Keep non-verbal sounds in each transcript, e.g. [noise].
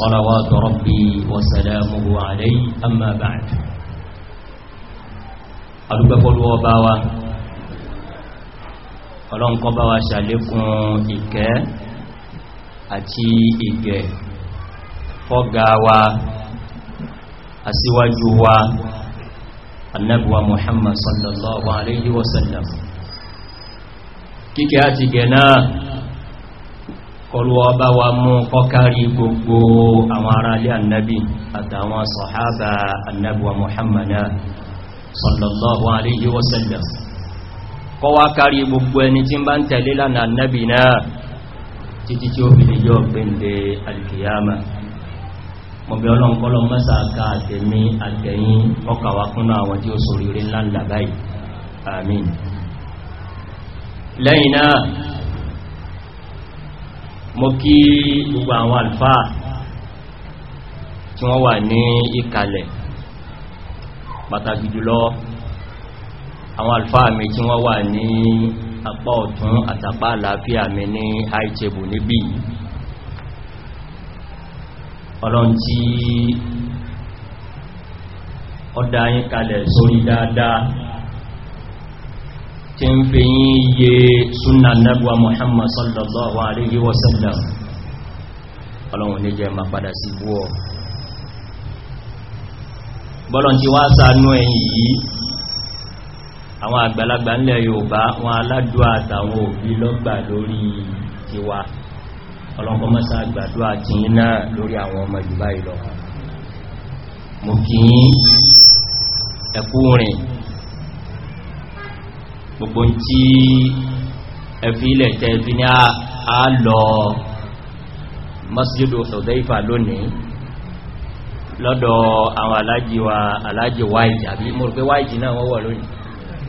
صلوات ربي وسلامه عليه أما بعد أدوك فلو وباوة فلن قبوا شالكم إكاء أتي إكاء فقاوة أسواجوا النبوة محمد صلى الله عليه وسلم kíkẹ́ àti gẹ̀ kọluwa bá wa mú kọkari gbogbo àwọn ará alẹ́ annabi àtàwọn sọ̀hábà annabuwa muhammadu sallallahu alayhi wasallam kọ wá kárí gbogbo ẹni tí bá ń tẹ̀lé lánà annabi náà títí tí ó fi lè yọ gbẹ̀ndẹ̀ alkiyama mọ̀bí ọlọ́nkọ́lọ́ mẹ́sàkà lẹ́yìn náà mo kí gbogbo àwọn àlùfáà tí wọ́n wà ní ìkàlẹ̀ pàtàkì jùlọ àwọn àlùfáà mi tí wọ́n wà ní apá ọ̀tún àtàpá àlàáfíà mi ní high níbí ọlọ́n tí ọdá yín sórí dáadáa tí ń fi yí iye súnà nẹ́bùwa Muhammad sallallahu alaihi wasallam ọlọ́run ní jẹ́ ma padà sí bú ọ bọ́lọ̀n ti wá sánú ẹ̀yìn yìí àwọn àgbàlagbà ńlẹ̀ Yorùbá wọn aládùá àtàwọn òbí lọ́gbà lórí tiwa ọlọ́nkọ́ mọ́sá àgbàdùá ti iná lórí àwọn ọmọ Yorùbá ìlọ mo kìí ẹkú rìn gbogbo tí ẹfí ilẹ̀ tẹ́ fi ní a lọ masjidu Hudhaifa lónìí lọ́dọ̀ àwọn alájí wa alájí wáìjì àbí mọ́rùpé wáìjì náà wọ́n wọ̀ lónìí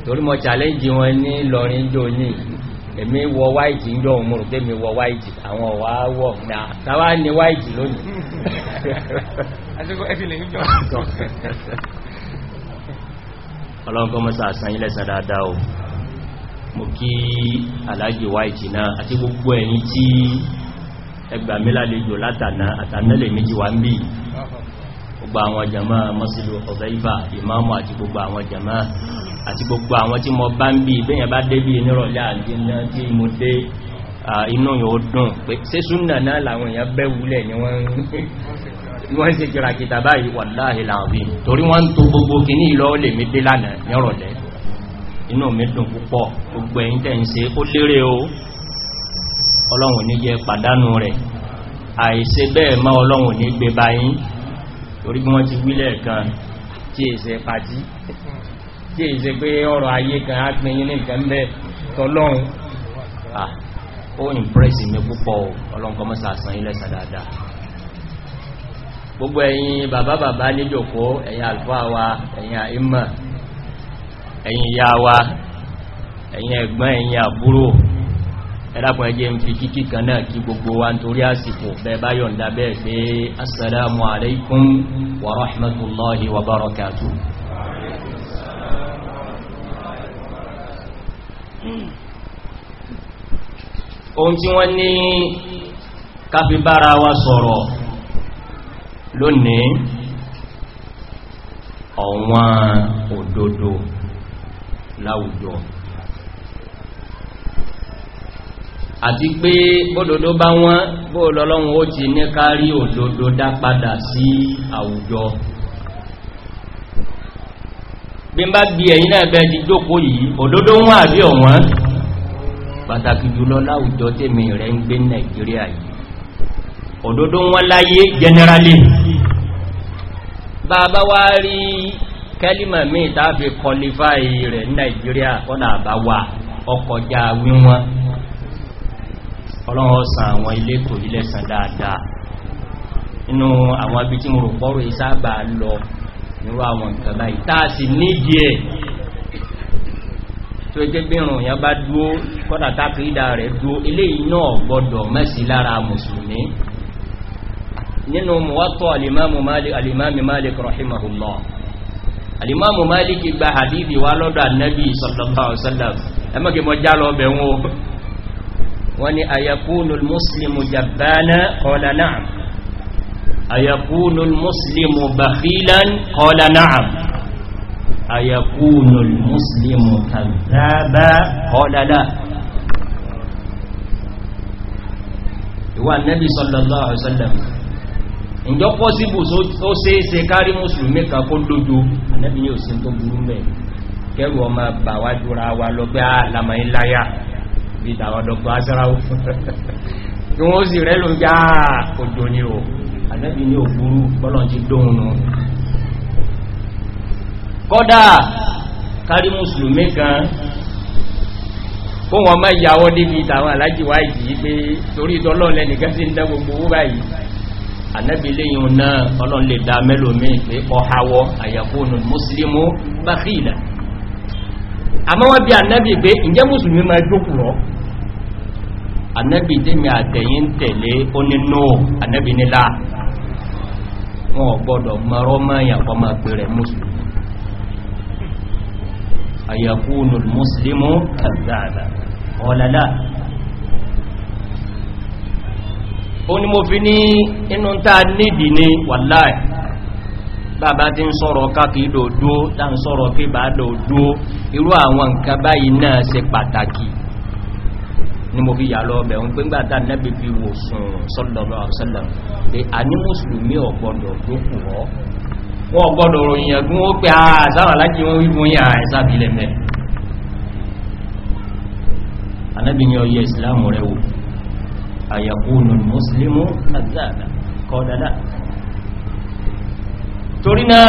torí mọ́ challenge wọn ní lọrin jò ní èmi wọ wáìjì ń jọ mọ́rùpé mi wọ wáìjì àwọn wà wọ̀ náà tàwà ní wáìjì lónìí ọlọ́nkọ́ mọ́sà àsán ilẹ̀ sàdáadáa kí aláàjì wáìtì náà àti gbogbo ẹ̀yin tí ẹgbà mílàlejò látànà àtànẹ́lẹ̀ méjì wá ń bí gbogbo àwọn jama mọ́sílò ọ̀fẹ́ifà ìmáàmù àti gbogbo àwọn jama àti gbogbo àwọn tí mo bá ń bí bẹ́yàn bá dé bí nírọ̀lẹ́ àdínà tí mo dé inú yóò dùn pé ṣe súnnà náà làwọn èèyàn bẹ́ wúlẹ̀ ni [laughs] wọ́n ń ṣe kìràkìtà báyìí wà láàrín láàrín torí wọ́n ń tó gbogbo kìíní ìlọ́ọ̀lẹ̀ méjì lánàá nírọ̀lẹ́ inú mi dùn púpọ̀ gbogbo ẹ̀yin tẹ́ ń ṣe ó lérè o ọlọ́run ní jẹ́ pàdánù rẹ̀ àìṣe bẹ́ẹ̀ má ọlọ́run ní gbé báyín torí bí wọ́n ti wílẹ̀ kan tí èsẹ̀ pàtí tí èsẹ̀ pé ọ̀rọ̀ ayé kan á pín yín nìkan bẹ́ tọ́lọ́run ó ìmprẹ́sì mi púpọ̀ ọlọ́run kọmọ́ sàásán ilẹ̀ sàdádá gbogbo ẹ̀yin bàbá bàbá níjòkó ẹ̀yin àlùfáà wa ẹ̀yin àìmọ̀ ẹ̀yin ìyá wa ẹ̀yin ẹ̀gbọ́n ẹ̀yin àbúrò ẹ̀dàkùn ẹjẹ́ ń fi kíkí kan náà kí gbogbo wa ń torí àsìkò bẹ́ẹ̀ bá yọ̀nda bẹ́ẹ̀ pé assalamu alaikum wa rahmatullahi wa barakatu ohun tí wọ́n ní káfí bára wa ọ̀wọ́n òdodo láwùjọ àti pé bódodo bá wọ́n bó lọ́lọ́run ó ti ní kárí òdodo dá padà sí àwùjọ bí n bá bí ẹ̀yìn náà bẹ́ ti jókòó yìí òdodo wọ́n àbí ọ̀wọ́n pàtàkì jùlọ láwùjọ tèmi rẹ̀ ń gbé nàìjíríà yìí òdodo wọ́n láyé generally bá bá wá rí kẹ́límà míì tàbí kọlifáì rẹ̀ nàìjíríà kọ́nà àbáwà ọkọjá wíwọ́n ọlọ́run ọ̀sán àwọn ilé tó ilẹ̀ sàn dáadáa inú àwọn abí tí mo pọ́rọ̀ ìsáàbà lọ nírú àwọn nǹkan báyìí ẹ̀ tó ẹgbẹ́ gbẹ̀rùn bá dúó rẹ̀ dúó mẹ́sí lára mùsùlùmí nínú Malik rahimahullah alimamu maliki gba hadithi wa lọ́dọ̀ annabi sallallahu alaihi wasallam ẹmọ́gẹ mọ́ já lọ bẹ̀ wọn wọ́n ni ayakunu muslimu jabbana qala na'am ayakunu muslimu bakhilan qala na'am ayakunu muslimu kadhaba qala la ìwà annabi sallallahu alaihi wasallam ìjọ pọ́síbù ó ṣeéṣe kárí mùsùlùmí kan kó lójú ànẹ́bí ní òsìn tó burú mẹ́ kẹrù ọmọ bàwájúra wa lọ́gbẹ́ àlàmà ah, ìláyà bí tàwọn dr azarawo tí wọ́n sì rẹ́ ló ń já ah, òjò ní o ànẹ́bí ní òfurú bọ́lọ̀n ti dóhunù kọ́dà kárí mùsùlùmí kan kó wọn má yàwọ́ débi tàwọn alájíwá ìjì pé torí ìtọ́lọ́lẹ́ nìkan sí ń dá gbogbo owó báyìí ànábì léyìn náà ọlọ́n lè dá mẹ́lòmí pé ọ̀háwọ́ àyàfóònù mùsùlùmí bákìlá àmọ́ wọ́n bí ànábì pé ǹjẹ́ mùsùlùmí máa jókùú rọ́ ànábì tẹ́mi àtẹ̀yìn tẹ̀lé ó ní nóò ànábì nílá ó ní mo fi ní inú tá nídìí ní wàláì bàbá tí ń sọ̀rọ̀ káàkiri dòdó tá ń sọ̀rọ̀ pé bá dòdó irú àwọn nǹkan báyìí náà ṣe pàtàkì ni mo fi yà lọ ọbẹ̀ òun pé gbàtà nẹ́bí fi wò sùn sọ́lọ̀lọ́ àṣẹ́lẹ̀ pé a ní mùsùlùmí ọ̀gbọ́dọ̀ tó kù ọ́ wọ́n ọ̀gbọ́dọ̀ ròyìn ẹ̀gún fàyàkúnù mùsùlùmù kàzàdà kọ́dàdà torí náà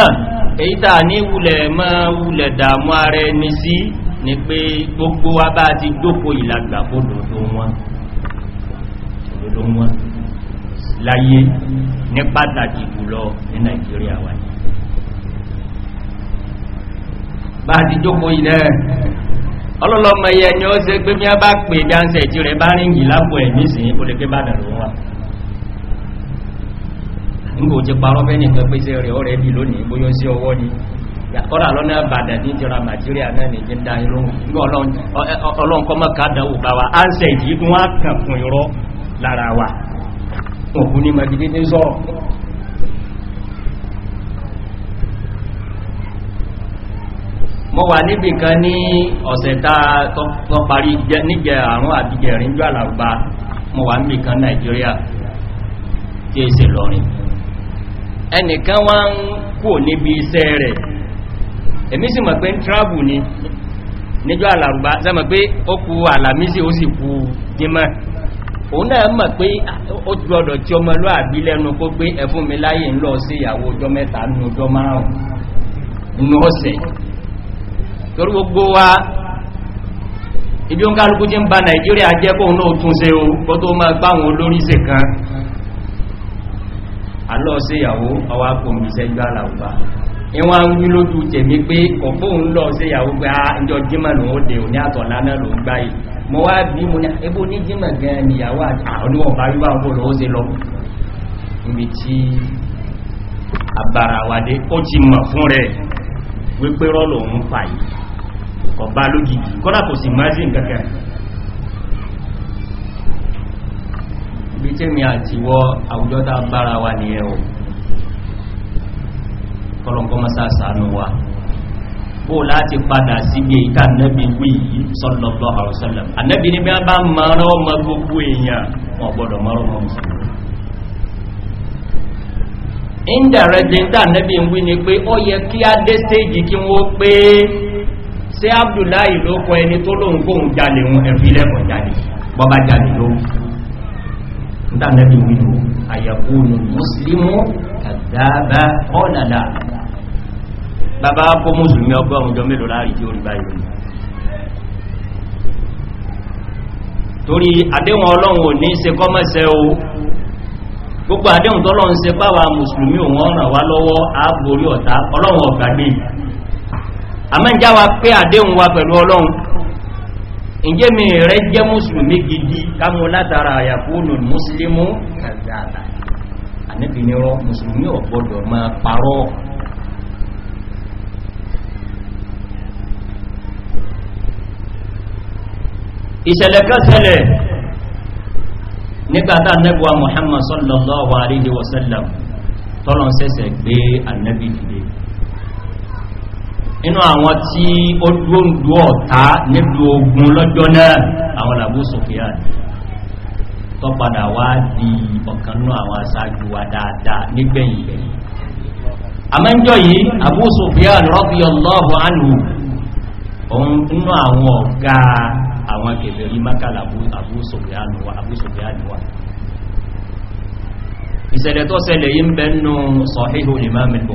èyí tàà ní wulẹ̀ mọ́ wulẹ̀ dàmú ààrẹ ní sí ni pé gbogbo wa bá ti dókò ìlàgbà fódòdó wọn láyé ní pàtàkì jùlọ ní nàìjíríà wáyé bá ti dókò ilẹ̀ ọlọ́lọ́mọ yẹ ni ó ṣe pé bí a bá pè dáńsẹ̀ tí rẹ̀ bá ríngì lápò ẹ̀mí sí ó lè pé bàdà ló wà nígbò ti parọ́ fẹ́ nìkan pé sí rẹ̀ ọ̀rẹ́ bí lónìí bóyọ́ sí ọwọ́ ni kọ́lá lọ́nà àbàdà ní ìjọra nàìjíríà náà ní jíndà ìlóhùn nígbà ọlọ́nkọ́ wa mọ́ wà níbì kan ní ọ̀sẹ̀ tó parí níjẹ àrùn àbíjẹ̀ rí jù àlàgbà mọ́ wà níbì kan Nàìjíríà tí è ṣe lọ́rin ẹnìkan wá ń kò níbi iṣẹ́ rẹ̀ èmi sì mọ̀ pé ń travel ni níjọ́ àlàrùbá sẹ́mọ̀ pé ó kú àlàmísì ó sì kú jímọ̀ òun náà mọ̀ pé ó gbọ́dọ̀ tí ọmọ ló àbí lẹ́nu kó gbé ẹfún mi láyé ń lọ sí ìyàwó ọjọ́ mẹ́ta nínú ọjọ́ márùn-ún inú ọ̀sẹ̀ torí gbogbo wa ibi o ń kálukú jí ń ba nàìjíríà jẹ́ kóhun náà tún se o kó tó máa gbáwọn olórí se kan alọ́ọ̀sí ìyàwó ọwá kòmìsẹ́ gbá làwùbá ìwọ̀n ń wí lójú tèmi pé kọ̀fóhun lọ́ọ̀sí ìyàwó pé a ah, ìjọ jímọ̀ ó òní gbá yìí mo wá bí mo ní ah, wípé ọba lójijì kọ́dà kò sì máa sí nǹkankan bí tẹ́mi àti wọ bára wa ní ẹ̀ o kọ́lọ̀kọ́ mọ́ sàánú wa bó láti padà síbi ìta nẹ́bí wí yìí sọ́lọ́lọ́ àrùsọ́lọ́m a nẹ́bí wí ni pé yẹ kí á dé sí abdullahi ló kọ ẹni tó lóhun kóhun jalè wọn ẹ̀fí lẹ́kọ̀ọ́ jalè bọ́bá jalè ló ìtànẹ́bí wílò àyàkóònù mùsùlùmù kàdáàbá ọ̀làlà bàbá kó mùsùlùmí ọgọ́rùn jọ mélòó láàrí tí ó rí báyìí torí àdéhùn ọlọ́run ò ní ṣe o gbogbo àdéhùn tọ́lọ́run ṣe mùsùlùmí òun wá lọ́wọ́ ọ̀tá ọlọ́run àmẹ́já wa pé àdéhùn wa pẹ̀lú ọlọ́run ìjẹ́ mi rẹ̀ jẹ́ mùsùlùmí gidi kámọ́ látara àyàfóònù mùsùlùmí kàzàdà àníbìnirọ mùsùlùmí ọ̀gbọ́dọ̀ ma parọ́ ìṣẹ̀lẹ̀ kan ṣẹlẹ̀ nígbàtà nẹ́bùwa muhammad sallallahu alaihi wasallam tọ́lọ̀ sẹ́sẹ̀ gbé annabi dìde inú àwọn tí ó dúóǹdú ọ̀tá nílùú ogun lọ́jọ́ náà àwọn làbó sofia tó padà wá di ọ̀kanú àwọn aṣáájú wa dáadáa nígbẹ̀yìn ìgbẹ̀yìn àmẹ́jọ́ yìí àbú sofia rọ́bí ọlọ́ọ̀bọ̀ ánù òun inú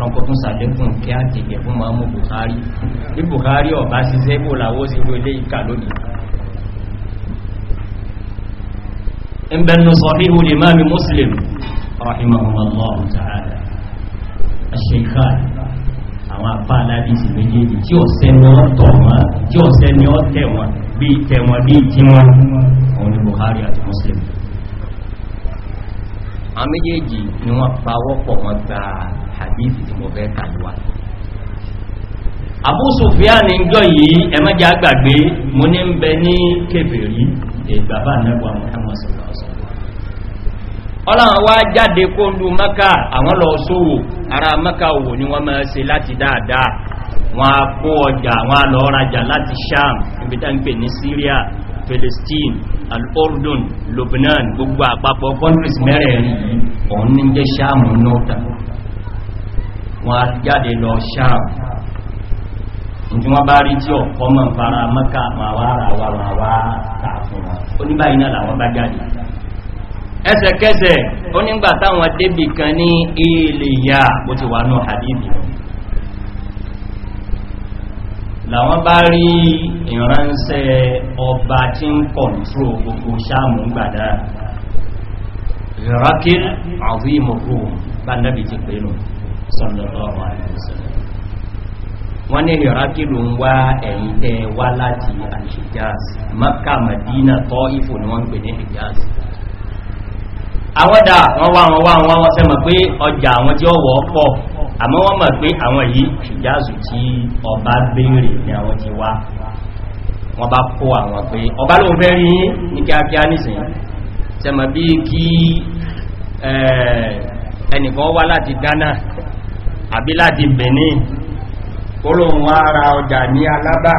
ọlọ́pọ̀ tún sàlékún kí á tèyẹ fún mọ́mú Buhari bí Buhari ọ̀bá síṣẹ́ bò láwó sí ló ilé ìkà lónìí ń bẹnu sahihu al-imam Muslim rahimahumullah ta'ala ash méjèèjì ni ó tọ̀ wọn wọn bí àdíìsì tí mo fẹ́ kàlùwà Abu Sufyan ní jọ yìí ẹmọ́jẹ́ àgbàgbé mo ní ń bẹ ní kèfèrí ìgbàbá nẹ́gbà Muhammad sallallahu alaihi wasallam ọlọ́run wá jáde kó lú mẹ́ka àwọn lọ sówò ara mẹ́ka òwò ni wọ́n máa ṣe láti dáadáa wọ́n kó ọjà wọ́n lọ rajà láti sham ibi ń pè ní syria Palestine al-Ordun Lebanon gbogbo àpapọ̀ countries mẹ́rẹ̀ẹ̀rin òun ní wọ́n jáde lọ sáàm ní wọ́n bá rí tí ọ̀pọ̀ mọ̀ fara mọ́ká àwọn ará wa wọ́n wá tààfún wọn oníbáyìí náà làwọn bá jáde ẹsẹ̀kẹsẹ̀ onígbà táwọn débì kan ní ilé ìyá bó ti wà náà hadithi làwọn bá rí ìránṣẹ́ ọba tí ń kọ̀ntró gbogbo sáàmù gbàdá ìrákìl àwọn ìmọ̀kú bá nábi ti pẹ̀lú sallallahu alaihi wasallam wọ́n ní ìrákìlù ń wá ẹ̀yìn tẹ́ wá láti al-Hijaz Makka Madina Taifu ni wọ́n ń pè ní Hijaz àwọ́dà wọ́n wá wọn wá wọn wọ́n sẹ́mọ̀ pé ọjà àwọn tí ó wọ́ pọ̀ àmọ́ wọ́n mọ̀ pé àwọn yìí Hijaz tí ọba béèrè ní àbí lati benin kólóhùn ara ọjà ní alábà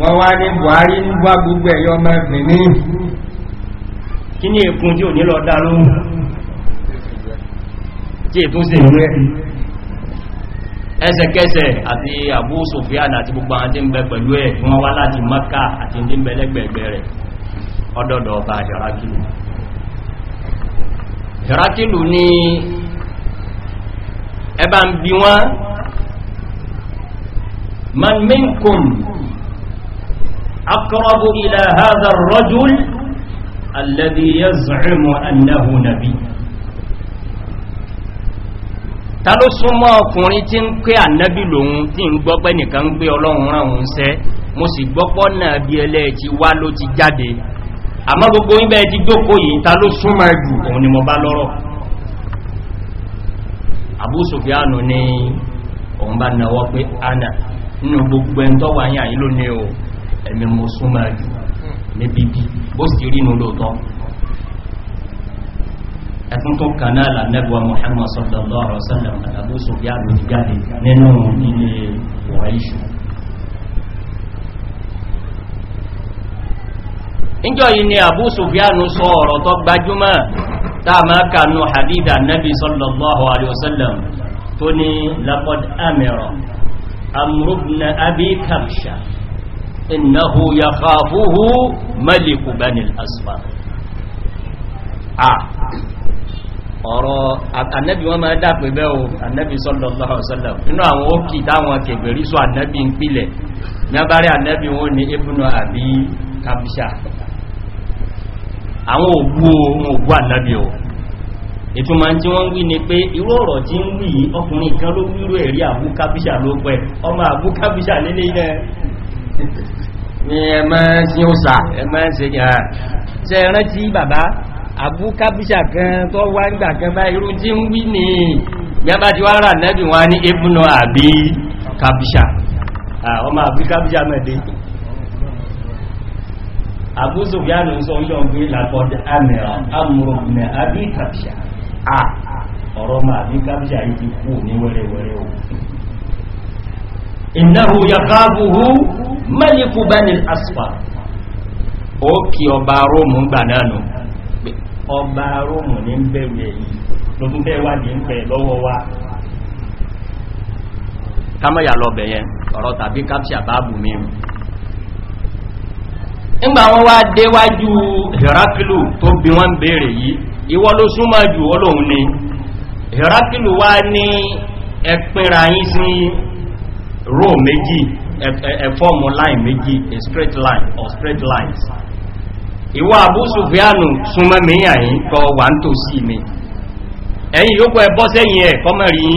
wọ́n wá ní buhari ń wá gbogbo ẹ̀yọ ọmọ benin kí ní èkún tí ò ní lọ dá lóhùn tí ètún sí ìrú ẹ̀ ẹsẹ̀kẹsẹ̀ àti àbú sofian àti gbogbo àwọn ń bẹ pẹ̀lú ẹ̀ wọ́n wá láti maka àti ní ọba jarakilu ẹba ń bí wọ́n man minkum akọrọbù ilẹ̀ haza rọ́júl alẹ́dí yẹ zùrìmù annahu nabi ta ló súnmọ́ ọkùnrin tí ń pé ànábì lòun tí ń gbọ́pẹ́ nìkan ń gbé ọlọ́run ràn sẹ́ mo sì gbọ́pọ́ náà bí ẹlẹ́ẹ̀tí wá ló ti jáde àmọ́ gbogbo ibẹ̀ ti jókòó yìí ta ló súnmọ́ ẹgbù òun ni mo bá lọ́rọ̀ Abu Sufyan ní òun bá náwọ́ pé ana nínú gbogbo ẹn tó wà yáyí ló ní o ẹ̀mí mo súnmọ́ jù ní bíbí bó sì rí inú lóòtọ́ ẹ̀kún tó kà náà lànẹ́gbọ́ Muhammad Abu Sufyan ló jáde nínú ilé wọ̀ẹ́ṣù níjọ́ Abu Sufyan sọ ọ̀rọ̀ tó táàmà kanú hadida nabi sallallahu alaihi wasallam tó ní laqad amira amrubna abi kabsha innahu yakhafuhu maliku banil asfar a ọ̀rọ̀ annabi wọn máa dápẹ̀ bẹ́ o annabi sallallahu alaihi wasallam inú àwọn òkì táwọn kẹgbẹ̀rí sọ annabi ń pìlẹ̀ ní annabi wọn ni ibnu abi kabsha àwọn ògbú ohun ògbú ànábì ọ̀ ìtumọ̀ tí wọ́n wí ni pé irú ọ̀rọ̀ tí ń wí ọkùnrin kan ló wíró ẹ̀rí àbúkábíṣà ló pẹ́ ọmọ àbúkábíṣà nílé ilẹ̀ ni ẹmọ́ sí òsà ẹmọ́ sí ẹ̀rẹ́ ṣe rántí bàbá àbúkábíṣà kan tó wá ń gbà kan bá irú tí ń wí ni gbẹ́bá ti wá rà nẹ́bì wọn ní ebúnà àbí kábíṣà ọmọ àbúkábíṣà mẹ́dẹ́ abu sufyan sun yi ongi lagos amira amuru ne abi kapsha a ọrọ ma abi kapsha yi ti ku ni wẹrẹ wẹrẹ o innahu ya kaabuhu maliku bani asfa o ki ọba romu gba nanu ọba romu ni n bẹrẹ yi ló tún bẹ wà ní n bẹ lọwọ wa kamaya lọ bẹyẹ ọrọ tàbí kapsha mi ńgbà wọn wá déwájú heraklu tó bí wọ́n bèèrè yìí ìwọ́ ló súnmọ́ jù ọlọ́run ni heraklu wá ní ẹ̀pìnra yín sí ró méjì ẹ̀fọ́mù line méjì a straight line or straight lines ìwọ́ àbúsùfíànù súnmọ́ mìíyàn yìí kọ wà ń tò sí mi ẹ̀yìn yóò kọ ẹbọ́ sẹ́yìn ẹ̀ yìí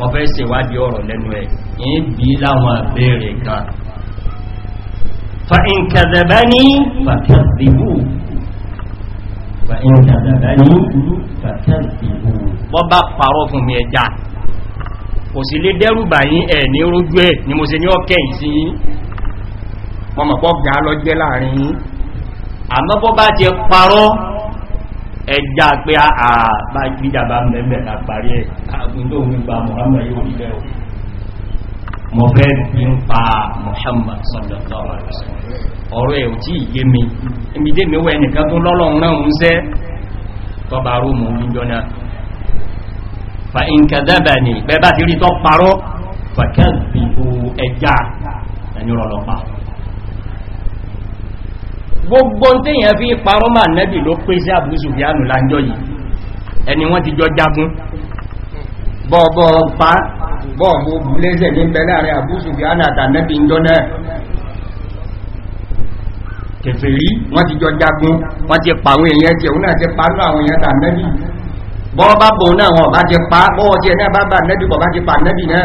mọ́ fẹ́ ṣèwádìí ọ̀rọ̀ lẹ́nu ẹ̀ yìí bí láwọn àbẹ́rẹ̀ kan fa'in kàzàbání fàkàzìbù fa'in kàzàbání fàkàzìbù bọ́ bá parọ́ fún mi ẹja kò sí lé dẹ́rùbà yín ẹ̀ ní rójú ẹ̀ ni mo se ní ọkẹ́ ìsí ọmọ̀pọ̀ gà lọ jẹ́ láàrin àmọ́bọ́ bá jẹ parọ́ ẹjá pé àbá ah, ah, ìjàbá mẹ́mẹ́ la parí ẹ̀ àgbúndó nígbà Muhammad yóò rí lẹ́wọ̀ mọ̀ fẹ́ bí ń pa Muhammad sallallahu alaihi wasallam ọ̀rọ̀ ẹ̀ ò tí ìyé mi ìmìdé mi wẹ́ nìkan tó lọ́lọ́run náà ń sẹ́ tọba rómù gbogbo tíyàn fi parọ́ máa nẹ́bì ló pé sí Abu Sufyanu láńjọ́ yìí ẹni wọ́n ti jọ jagun bọ́ọ̀bọ̀ pa bọ́ọ̀bọ̀ búlẹ́sẹ̀ ní bẹ̀lẹ̀ àrẹ Abu Sufyanu àtànẹ́bì ń jọ́nà kèfèrí wọ́n ti jọ jagun wọ́n ti pàwọn èèyàn tí òun náà ti parú àwọn èèyàn tànẹ́bì bọ́ọ̀bá bọ̀ náà wọ́n bá ti pa bọ́ọ̀ tí ẹ̀ náà bá bà nẹ́bì bọ̀ bá ti pa nẹ́bì náà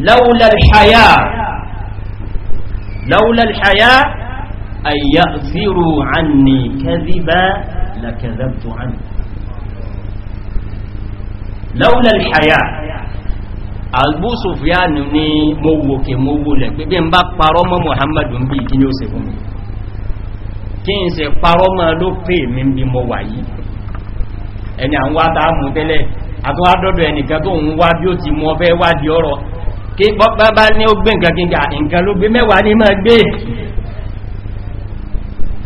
لولا الحياة لولا الحياة أن يغفروا عني كذبا لكذبت عنه لولا الحياة Abu Sufyan ni mo wò kè mo wò lẹ̀ pé bí n bá parọ́ mọ́ Muhammadu bí kí ni ó se fún mi kí n se parọ́ mọ́ ló pè mi bí mo wà yìí ẹni à wá tàá mú tẹ́lẹ̀ àtúwádọ́dọ̀ ẹnìkan tó ń wá bí ó ti mọ́ fẹ́ wá di ọ̀rọ̀ kí bọ́bá bá ní ó gbé nǹkan gíga nǹkan ló gbé mẹ́wàá ní máa gbé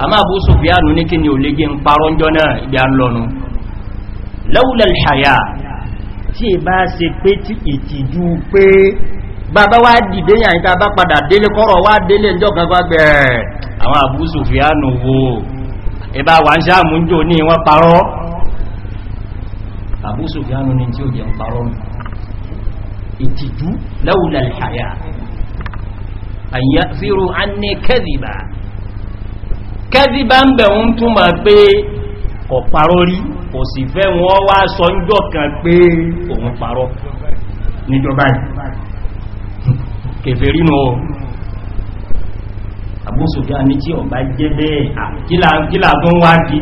a máa bú sọfíànù ní kí ni ò lè gí ń parọ́ ń jọ náà ibi a ń lọ́nu lẹ́wùlẹ̀ ṣàyà tí è bá se pé tí ìtìjú pé bàbá wá dìde yàyìn tàbá padà délé kọ́rọ̀ wá délé ìjọ gbagbẹ́ àwọn àbú sọfíànù wo ẹbá wà ń sáàmù ń jò ìtìjú lẹ́wùlẹ̀ àyà àyà fíru a ní kẹ́dìbà kẹ́dìbà ń bẹ̀ ń túnmà pé kọ̀ parọ́ rí kò sì fẹ́ wọ́n wá sọ ń jọ kan pé òun parọ́ níjọba kèfèrí nù ọ àbúsùfíà ní tí ọ̀bá jẹ́ bẹ́ẹ̀ kílà tó ń wá di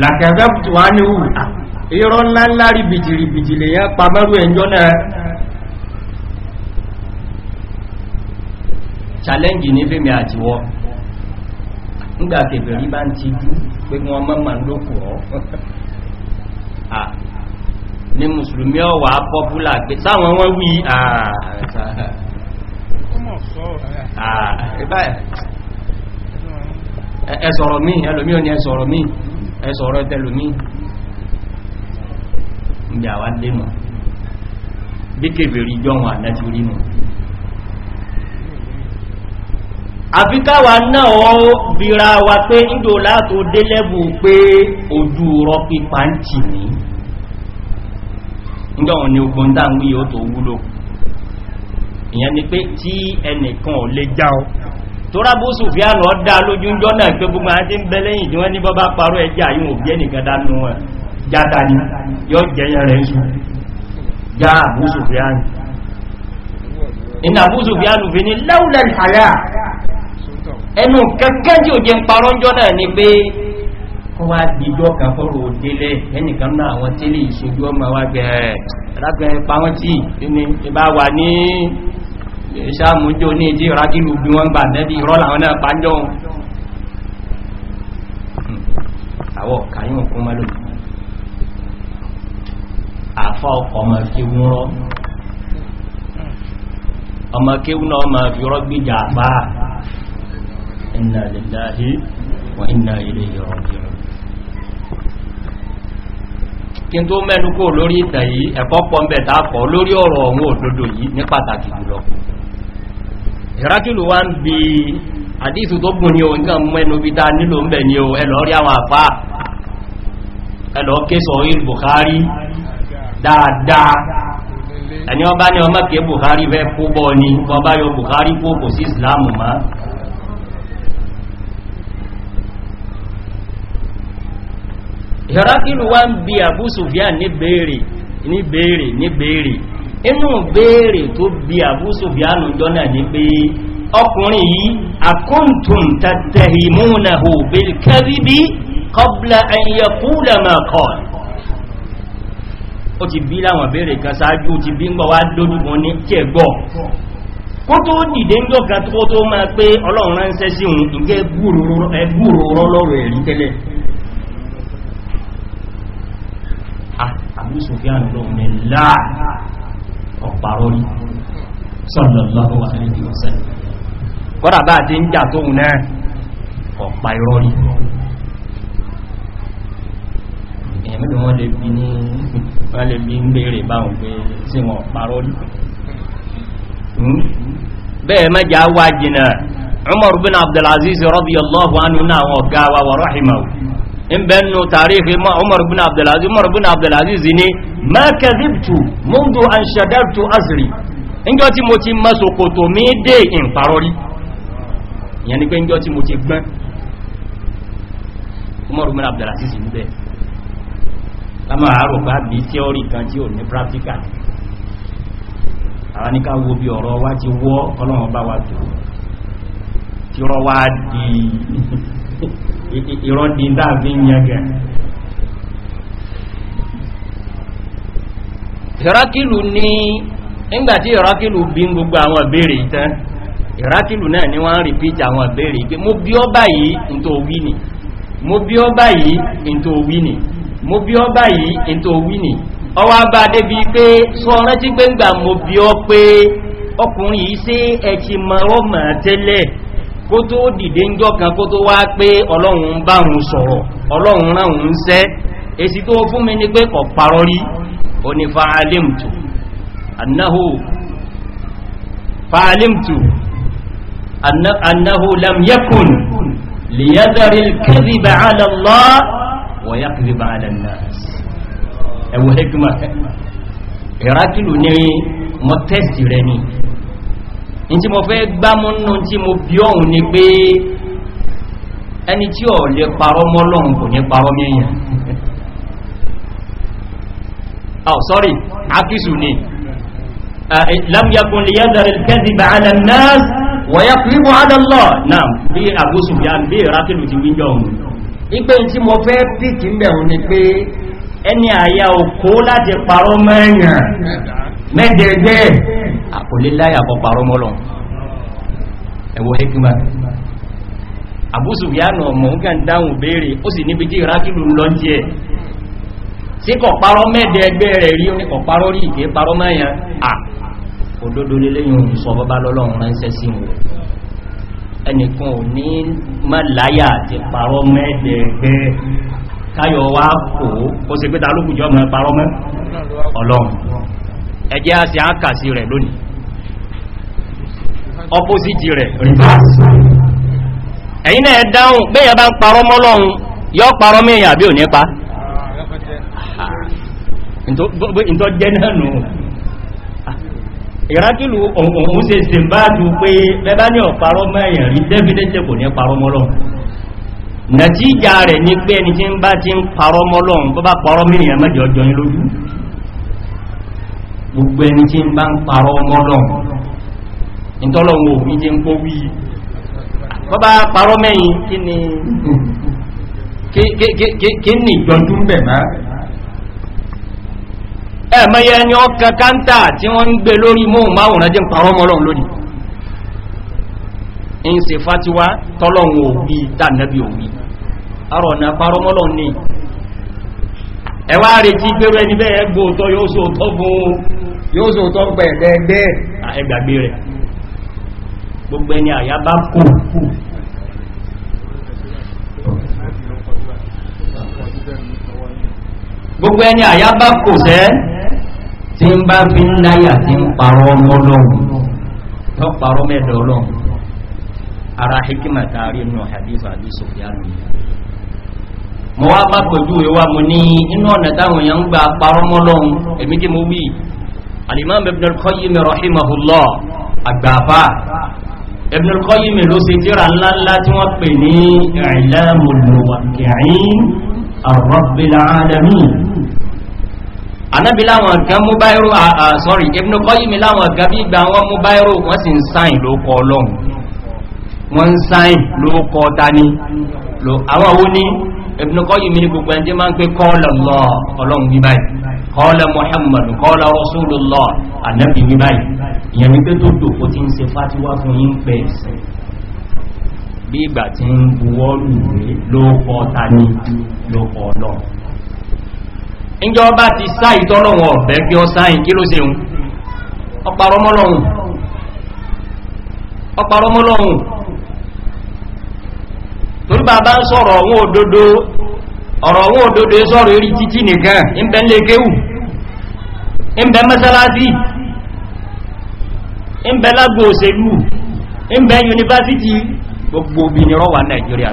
làkẹ̀ẹ́fẹ́ wá ní ìrọ́ ńlá yẹn pa mẹ́rù ẹ̀njọ́ náà challenge ní fèmí àtiwọ́ ńgbà kèfèrí bá ń ti jú pé wọ́n mọ́mà ń lókù ọ́ ní mùsùlùmí ọwà pọ́pùlà pé sáwọn wọ́n wí ẹ̀sọ̀rọ̀ mí ẹlòmí ò ní ẹ̀sọ̀rọ̀ mí ẹ̀sọ̀rọ̀ tẹlòmí ìgbà wá dé mọ̀ bí kèfèrí jọ wọn àdájú rí mọ̀ àfi káwà náà ọ bíra wa pé ìdò látò délẹ́bù pé ojú rọ pípa ń tì ní ǹgbọ́n ni ogun dáwí yóò tó wúlò ìyẹn ni pé tí ẹnìkan ò lè já ọ tó rábú sùfíà lọ dá lójú ń jọ́nà pé gbogbo àti ń bẹ lẹ́yìn tí wọ́n ní bọ́bá parọ́ ẹjẹ́ àyíwò bí ẹnìkan ni yóò jẹyàn rẹ̀ ń sùn já àbúsùfíà ní ìnàbúsùfíà lùfin ni lẹ́wùlẹ̀ àyà ẹnu kankan tí ò jẹ parọ́njọ́ náà ni pé kó wá dìjọ́ kan fọ́rọ̀ òdélẹ̀ ẹnìkan náà àwọn tẹ́lẹ̀ ìṣojú ọmọ wa gẹ̀ẹ́ rágbẹ̀ẹ́ pàwọn tí ní ìbá wà ní ìṣàmójó ní ìdí ìrágìlù bí wọ́n gbà nẹ́bí ìrọ́là wọn náà pàjọ́ àwọ̀ ọmọ kí wúrọ́ ọmọ kí wúrọ́ ọmọ fi rọ́gbìjà àpáà inna lillahi wa inna ilayhi raji'un kí n tó mẹ́nu kó lórí ìtàn yìí ẹ̀kọ́ pọ̀ ń bẹ̀ tààkọ̀ lórí ọ̀rọ̀ ọ̀hún òdodo yìí ní pàtàkì jùlọ ìrájúlù wá ń bí àdísù tó gùn ní o nǹkan mẹ́nu bí dáa nílò ń bẹ̀ ní o ẹlọ rí àwọn àpá ẹlọ kéṣọ̀ orí buhari dáadáa ẹni ọba ni ọmọ kẹ buhari fẹ́ kó bọ́ ọba yọ buhari kó sí islamu máa hẹ̀rákìlù wá ń bí àbú sùfíà ní béèrè ní béèrè ní béèrè inú béèrè tó bí àbú sùfíà nùjọ́ náà ní pé ọkùnrin yìí akóntùn tàtàhìmúnàhù bilkẹ́rìbí kọ́blá ẹ̀yẹkúlẹ̀mọ̀kọ́ ó ti bí láwọn béèrè kan sáájú ti bí ń wá dójúgbọ́n ní kẹgbọ́ kó tó dìde ń jọ́ka tó tó máa pé ọlọ́run ránṣẹ́ sí òun ìgẹ́ gbúrò rọ́lọ́rọ̀ ẹ̀rí tẹ́lẹ̀ Abu Sufyan lóhun ẹ̀lá ọ̀pàrọ̀ ní sallallahu alaihi wasallam kọ́dà bá ti ń jà tóhun náà ọ̀pà irọ́ ní ẹ̀mí wọ́n lè bí ní wọ́n lè bí ń bèèrè báhùn pé sí wọn ọ̀pàrọ̀ ní hmm? bẹ́ẹ̀ mẹ́jà wá jìnà Umar bin Abdulaziz radiyallahu anhu náà wọn ọ̀gá wa wa in bẹnu tàrífì umar bin abdulaziz umar bin abdulaziz ni makazibtu mundu an shadartu azri injọ tí mo ti maso kòtò mi dé ìparọ́rí ìyẹn ni pé injọ tí mo ti gbọ́n umar bin abdulaziz ń bẹ́ lámà àárò bá bí tíọ́rì kan tí ò ní practical àwọn ní wo bí ọ̀rọ̀ wá ti wọ́ ọlọ́run bá wá tó tí ọ̀rọ̀ wá di [laughs] ìrọ́dí dáàbí yẹgẹ̀ ìrákìlù ní ìgbàtí ìrákìlù bí gbogbo àwọn ìbéèrè ìtàn ìrákìlù náà ni wọ́n rìpíjì àwọn ìbéèrè pé mo bí ọ báyìí in tó wí nì mo ọ bá pé sọ mo bí pé yìí kó tó dìde ń jọ kan kó tó wá pé ọlọ́run ń bá òun sọ̀rọ̀ ọlọ́run rán òun sẹ́ èsì tó fún mi ní pé kọ̀ parọ́ rí onífà alimtu annahu fa'alimtu annahu lam yakun liyadari kadhiba ala Allah wa yakdhiba ala an-nas ní tí mo fẹ́ gbámú nù tí mo bí ọ̀hún ni pé ẹni tí ọ̀ lè parọ́ mọ́ lọ́hun kò ní parọ́ mẹ́yàn [laughs] oh sorry akisu ni uh, eh, lam yakun li yadhar al kadhiba ala an nas wa yaqlibu ala allah naam bi abu sufyan bi rakilu ti winjo hun ipe nti mo fe pick nbe ni pe eni aya oko lati paro meyan mẹ́jẹ̀ẹ́gbẹ́ àkòléláyà kọparọ́ mọ́lọ̀ ẹ̀wọ̀ hekima àbúsùfíànà ọmọ ń kàn dáhùn béèrè ó sì níbi tí ìrákìlù ń lọ jẹ́ sí kọparọ́ mẹ́jẹ̀ẹ́gbẹ́ rẹ̀ rí ní kọparọ́ rí ìgbé parọ́ mẹ́yàn à òdòdó lélẹ́yìn òǹsọ bọ́bá lọ́lọ́run ránṣẹ́ sí wọn ẹnìkan ò ní mọ́láyà àti parọ́ káyọ̀ wá kò ó sì pé ta lókùjọ́ mọ́ parọ́ mẹ́ ọlọ́run ẹjẹ́ àti àkàsí rẹ̀ lónìí ọpósìtì rẹ̀ reverse ẹ̀yìn náà dáhùn gbéyàn bá ń parọ́ mọ́lọ́run yọ́ parọ́ mẹ́yàn àbí òní pa ìtọ́ jẹ́ náà nù ìrákìlù òun se se bá dù pé bẹ́bá ní ọ̀parọ́ mẹ́yàn rí dẹ́fídẹ́jẹ́ kò ní parọ́ mọ́lọ́run nàtíjà rẹ̀ ní pé ẹni tí ń bá ti ń parọ́ mọ́lọ́run tó bá parọ́ mẹ́yàn mẹ́jọ jọyìn lójú gbogbo ẹni tí ń bá ń parọ́ mọ́lọ̀ ìtọ́lọ̀wò mi ń kó wí bọ́bá parọ́ mẹ́yìn kí ni kí ni ìjọjú ń bẹ̀ máa ẹ̀mọ́yẹ ni ọkàn káńtà tí wọ́n ń gbé lórí mọ́hùn máwùn jẹ́ ń mọ́lọ̀ lónìí ta na ẹwà rẹ̀ tí gbẹ̀rẹ̀ níbẹ̀ ẹgbò yóò sóòtọ́ fún yóò sọ tó ń pẹ̀ ẹ̀dẹ́ẹ̀dẹ́ ah, ẹgbàgbé rẹ̀ gbogbo ẹni àyà bá kú gbogbo ẹni àyà bá kò sẹ́ tí ń bá fi ń láyà tí ń parọ́ mọ́lọ́run tó parọ́ mẹ́dọ̀ ọlọ́run ara hikima tààrí inú hadisa àbí sofiyanu mọ́ wá bá pẹ̀lú ìwà mú ní inú ọ̀nà táwọn èèyàn ń gba parọ́ mọ́lọ́run èmi kí al'imam ibn al-qayyim rahimahullah agbafa ibn al-qayyim ló se tíra ńláńlá tí wọ́n pè ní ìlàmùlùwàkìrín arọ́bìláàdàmì anábi láwọn gan mú báyírò sorry ibn al-qayyim láwọn gan bí gbà wọ́n mú báyírò wọ́n sì ń sáìn ibn qayyim ni gbogbo ẹni tí máa ń pé kọ́ọ̀lọ̀ lọ ọlọ́run bí báyìí kọ́ọ̀lọ̀ muhammadu kọ́ọ̀lọ̀ rasulullah anabi bí báyìí ìyẹn ni pé tó dòkó ti ń se fátíwá fún yí ń pẹ̀ ẹ̀sẹ̀ bí ìgbà tí ń buwọ́ lùwé ló pọ̀ ta ní ló pọ̀ ọlọ́run ìjọ bá ti sá ìtọ́lọ́wọ̀n ọ̀bẹ́ kí ọ sáyìn kí ló se hun ọparọmọlọ́hun torí bàbá ń sọ̀rọ̀ ọ̀wọ́n òdodo ọ̀rọ̀ ọ̀wọ́n òdodo sọ̀rọ̀ eré títí nìkan ìbẹ̀ ń lè kéwù ìbẹ̀ mẹ́sálásí ìbẹ̀ lágbò òṣèlú ìbẹ̀ yunifásitì gbogbo wà nàìjíríà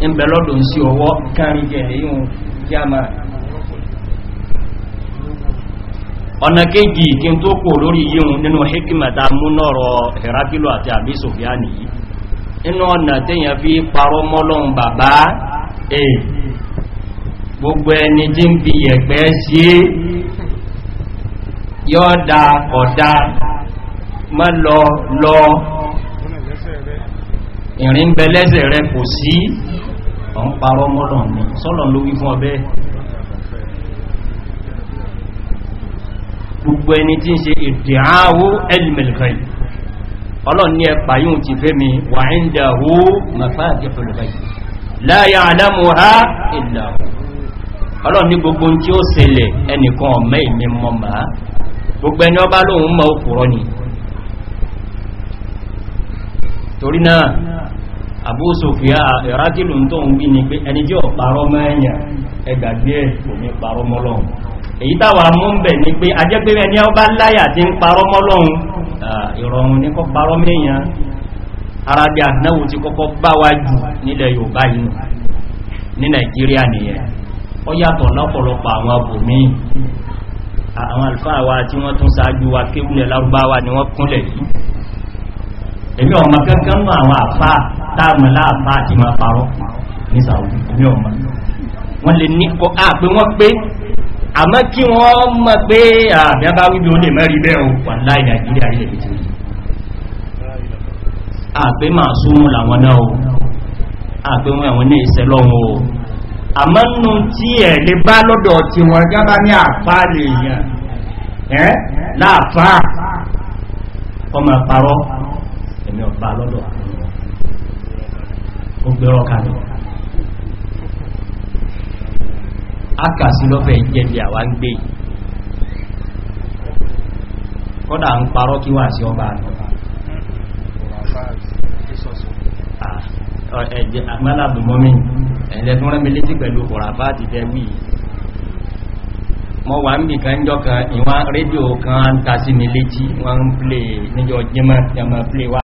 lọ́dọ̀ sí ọwọ́ kí inú ọ̀nà tíyàn fi parọ́ mọ́lọ́un bàbá ẹ̀ gbogbo ẹni tí ń fi ẹ̀gbẹ́ sí é yọ́ da ọ̀dá mọ́ lọ ìrìn gbẹlẹ́sẹ̀ rẹ kò sí ọ̀n parọ́ mọ́lọ́un ní sọ́lọ̀ ló wí fún ọbẹ́ gbogbo ẹni tí ń ṣe ìdìáwó ẹlìmẹ̀lẹ̀kẹ̀ẹ́ ọlọ́ni ẹ̀pà yíò ti fẹ́ mi wà ń dà hó mafáàdì fẹ́lẹ̀bẹ̀ láyà àdámù ha ìlà ọlọ́ni gbogbo tí ó sẹlẹ̀ ẹnìkan ọmọ ìmẹ́ mọ́ ma gbogbo ẹni ọba lóhun mọ́ òkúrọ́ ni torí náà àbúsòfíà ìrákìlù tó ń wí ni pé ẹni jẹ́ ọ̀parọ́ mẹ́ẹ̀yàn ẹgbàgbé ẹ̀ èyí táwà mú ń bẹ̀ ní pé ajẹ́gbẹ́rẹ́ ní ọba láyà tí ń parọ́ mọ́lọ́run ìrọ̀run ní kọ́ parọ́ mẹ́yàn ara bí ànáwò ti kọ́kọ́ bá wá jù nílẹ̀ yorùbá yìí ní nàìjíríà nìyẹn ó yàtọ̀ lọ́pọ̀lọpọ̀ àwọn wa tí wọ́n tún sáájú wa ni wọ́n kúnlẹ̀ yìí èmi ọmọ wọ́n lè ní kọ́ àpé wọ́n pé àmọ́ kí wọ́n mọ̀ pé àmì abáwíbí ó lè mẹ́rí bẹ́ o wà láì nàìjíríà rí ẹ̀bí tí ó àpé máa súnmù làwọn náà o àpé wọn ẹ̀wọ̀n ní ìṣẹ́ lọ́wọ́ o àmọ́ nù tí ẹ̀ lè bá lọ́dọ̀ tí wọ́n gábá ní àpá lè yàn ẹ́ láàpá ọmọ ákàsí lọ́fẹ́ jẹ́bi àwá ń gbé kọ́dà ń parọ́ kí wà sí ọba àtọ́ta ẹ̀jẹ̀ àgbálàbùmọ́mí ẹ̀lẹ́ tún rẹ́ mi létí pẹ̀lú kòràfà ti mọ́ wà ń bì kan jọ kan ìwọ̀n rédíò kan ń ta sí mi létí wọ́n ń plé níjọ jẹ́mọ́